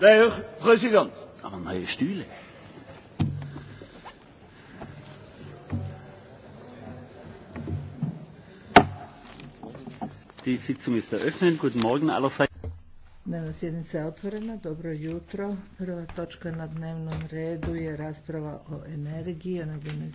De heer president. Aan mijn stuur. Die Sitzung ist eröffnet. Guten Morgen allerseits. Dnevna sjednica je otvorena. Dobro jutro. Prva točka na dnevnom redu je rasprava o energiji,